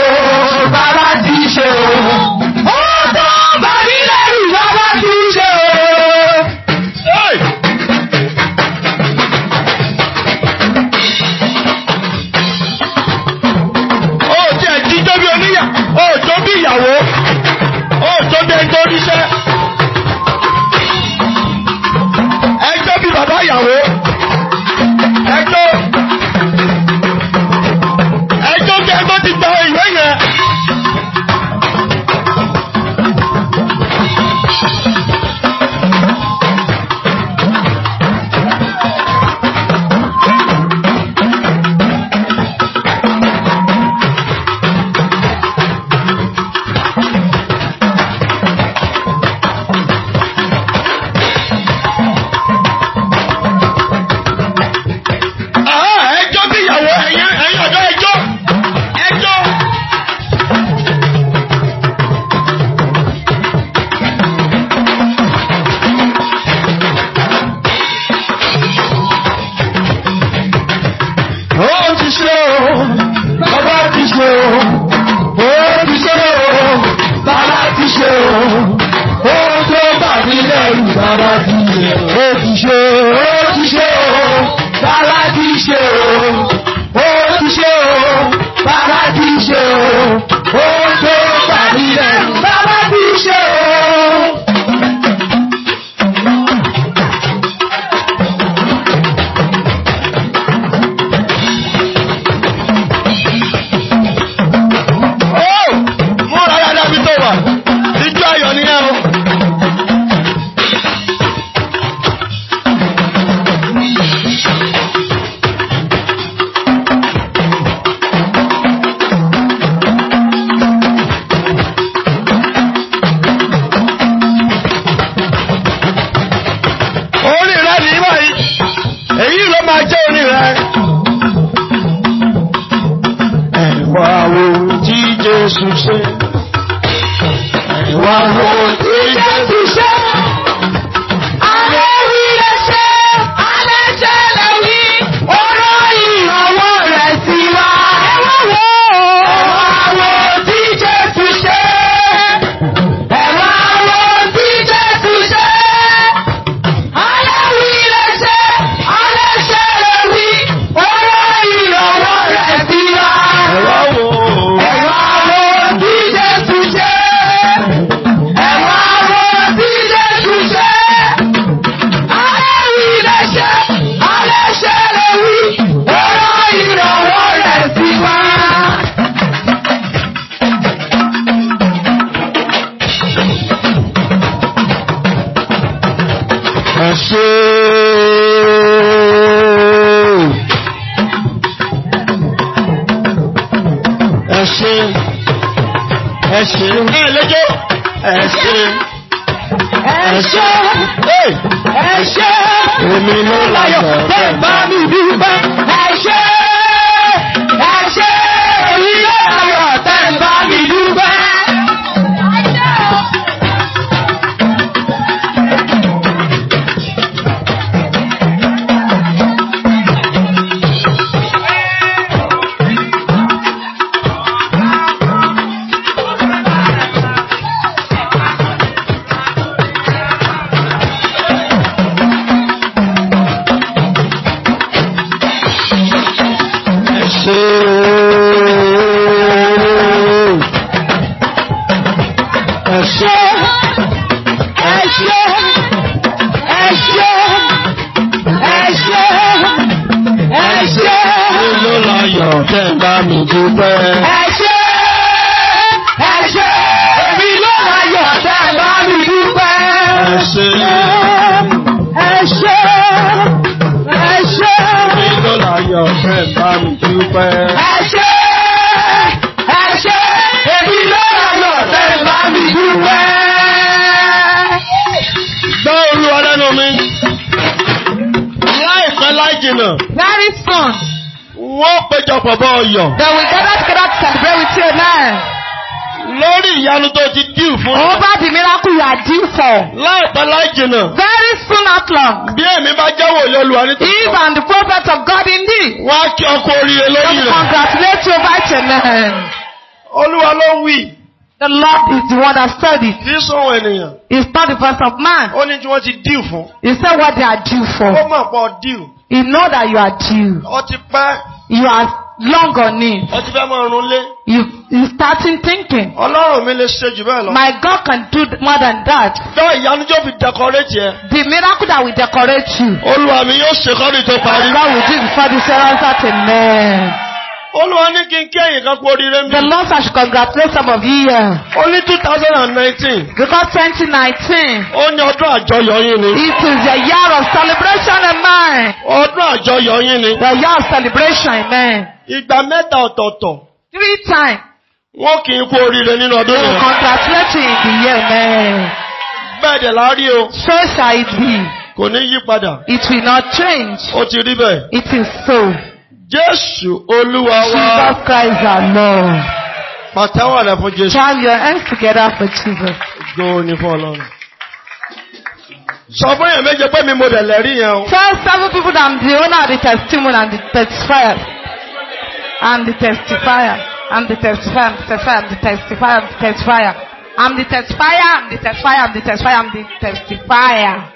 ẹ̀ṣẹ́ ẹ̀ṣẹ́ èmi ló láyọ̀ bẹ́ẹ̀ bá mi bí bá ẹ̀ṣẹ́ ẹ̀ṣẹ́ èmi ló láyọ̀ parapọ̀ bọ́ ọyọ̀. They will gather together to celebrate with you now lórí ìyanu tó ti díù fún mi. over the miracle you are due for. láìpẹ́ láì jìnnà. very soon at long. bí èmi bá jẹ́wọ́ òye olúwa ní tòótọ́. if and the prophet of God in thee. wá kí ọkọ oríire lórí rẹ̀. congratulate you by tẹ̀lẹ̀. olúwa ló wí. The Lord is the one that said it. Kì í sọ̀rọ̀ ènìyàn. It's not the first of man. Ó ní tí wọ́n ti díù fún. He said what they are due for. Ó mọ̀ pọ̀ díù. He know that you are due. Ó ti pẹ́. You are. Longer on ni. ẹ ti fẹ́ mọ irun lé. you you starting thinking. ọlọ́run mi lè ṣe jù bẹ́ẹ̀ lọ. my God can do more than that. dá ìyanu yóò fi decorate yẹ. the miracle that will decorate you. olúwa mi yóò ṣe kọ́ni tó parí. God will do before the servant at amen. Olúwa ní kí n kí ẹ̀yin kan kú oríire mi. The Lord has congratulate some of you here. Ó ní two thousand and nineteen. Because twenty nineteen. Ó ní ọdún àjọyọ̀ yín ni. It is the year of celebration amen. Ọdún àjọyọ̀ yín ni. The year of celebration amen. Ìgbà mẹ́ta ọ̀tọ̀ọ̀tọ̀. Three times. Wọ́n kì í kú oríire nínú ọdún yẹn. We congratulate you in the year man. Bẹ́ẹ̀ dẹ̀ la o. So shall it be. Kò ní yí padà. It will not change. Ó ti rí bẹ́ẹ̀. It is so. Jésù Olúwa wa. Jesus Christ our Lord. Pàtẹ́wọ̀ rẹ̀ fún Jésù. Clap your hands together for Jesus. Go ni fún Ọlọ́run. Sọ fún èèyàn méje pé mi mo dẹ̀ lẹ́rí yẹn o. Tell seven people that I'm the owner of the testimony and the testifier. I'm the testifier. I'm the testifier. I'm the testifier. I'm the testifier. I'm the testifier. I'm the testifier. I'm the testifier. I'm the testifier.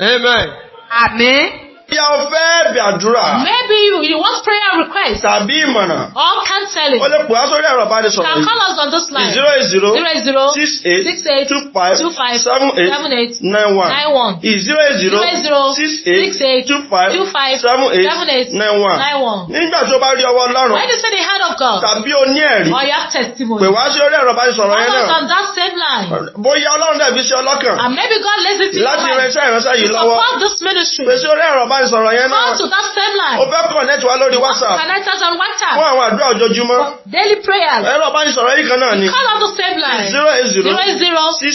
Amen. Amen. Bóyá o fẹ́ bí àdúrà. Maybe you, you want prayer request. Tàbí ìmọ̀ràn. Or counseling. O lè pè wá sórí ẹ̀rọ ìbánisọ̀rọ̀ yìí. Can call us on this line. Zero eight zero. Zero eight zero. Six eight. Six eight. Two five. Two five. Seven eight. Seven eight. Nine one. Nine one. Zero eight zero. Zero eight zero. Six eight. Six eight. Two five. Two five. Seven eight. Seven eight. Nine one. Nine one. Nígbà tí o bá rí ọwọ́ Ọlọ́run. When you see the hand of God. Tàbí o ní ẹ̀rí. Or you have testimony. Pè wá sórí ẹ̀rọ ìbánisọ̀rọ̀ yẹn náà. Call us on that same line. Bóyá Ọlọ́run dẹ̀ fi ṣe ọlọ́kàn. And maybe God lays it to your mind. Láti ránṣẹ́ ìránṣẹ́ yìí lọ́wọ́. To support this ministry. Pèsè orí ẹ̀rọ ìbánisọ̀rọ̀ báyìí sọ̀rọ̀ yẹn náà. Come to that same line. O fẹ́ connect wa lórí WhatsApp. Connect us on WhatsApp. Fún àwọn àdúrà ojoojúmọ́. Daily prayers. Ẹ̀rọ bánisọ̀rọ̀ yìí kan náà ni. Call out the same line. zero eight zero. zero eight zero. six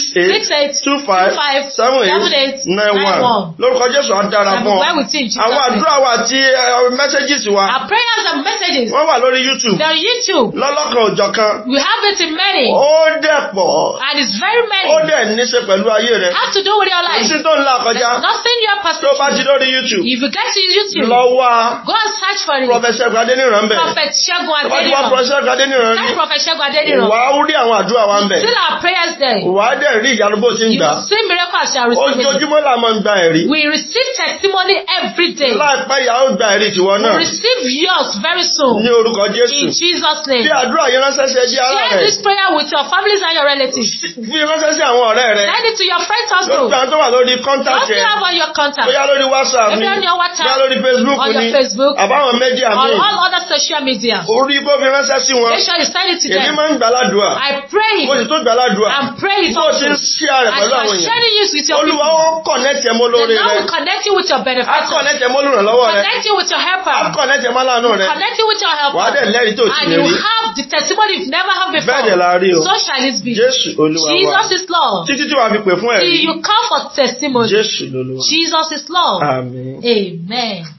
eight. two five. two five. seven eight. seven eight. nine one. Lórúkọ Jésù á dára mọ́. Àwọn àdúrà wa àti messages wa. Our prayers and messages. Wọ́n wà lórí YouTube. They're on YouTube. Lọ́lọ́kan òjọ̀ kan. We have it in many. Ó dẹ̀ pọ̀. And it's very many. Ó dẹ̀ ní ṣe pẹ̀lú ayé rẹ̀. Have to do with your life. Kò sí tó ń la kọjá. There's nothing you are passing. Tó bá ti lórí YouTube. If you get to YouTube. Lọ wá. Go and search for it. Prophet Ṣẹ́gun Adéníran bẹ̀. Prophet Ṣẹ́gun Adéníran. Wọ́n ti Prophet Ṣẹ́gun Adéníran ní. That's Prophet Ṣẹ́gun Adéníran. Wà rí àwọn àdúrà wa ń bẹ̀. Still our prayers there. Wà dẹ̀ rí ìyanu bó ti ń gbà. You see miracle as you are receiving. Ojoojúmọ́ la máa ń gba ẹ̀rí. We receive testimony every day. Láìpẹ́ ìyá ó gba ẹ̀rí tiwọn náà. We receive yours very soon. Ní orúkọ Jésù. In Jesus name. Bí àdúrà yìí ránṣẹ́ ṣe di ara rẹ̀. Share this prayer with your families and your relatives. Fi ránṣẹ́ sí àwọn ọ̀rẹ́ rẹ̀. Send it to your friends also your WhatsApp. Bẹ́ẹ̀ lórí Facebook ni. On your Facebook. Àbáwọn media mi. On all other social media. Orí bó fi ránṣẹ́ sí wọn. Èmi máa ń gbàládùá. I pray. Mo sì tún gbàládùá. I'm praying Mo ti ń share rẹ̀ pẹ̀lú àwọn èèyàn. I'm sharing it with your people. Olúwa ó connect ẹ lórí rẹ. The Lord will connect you with your benefactor. connect rẹ. Connect you with your helper. connect rẹ. you with your helper. Wàá dẹ̀ lẹ́rìí tó ti rí. And you have the testimony you've never had before. Bẹ́ẹ̀ dẹ̀ la rí o. So shall it be. Jésù Olúwa wa. Jesus is Lord. Títí tí wàá fi pè fún ẹ̀rí. you come for testimony. Jésù lolúwa. Jesus is Lord. Amen. Amen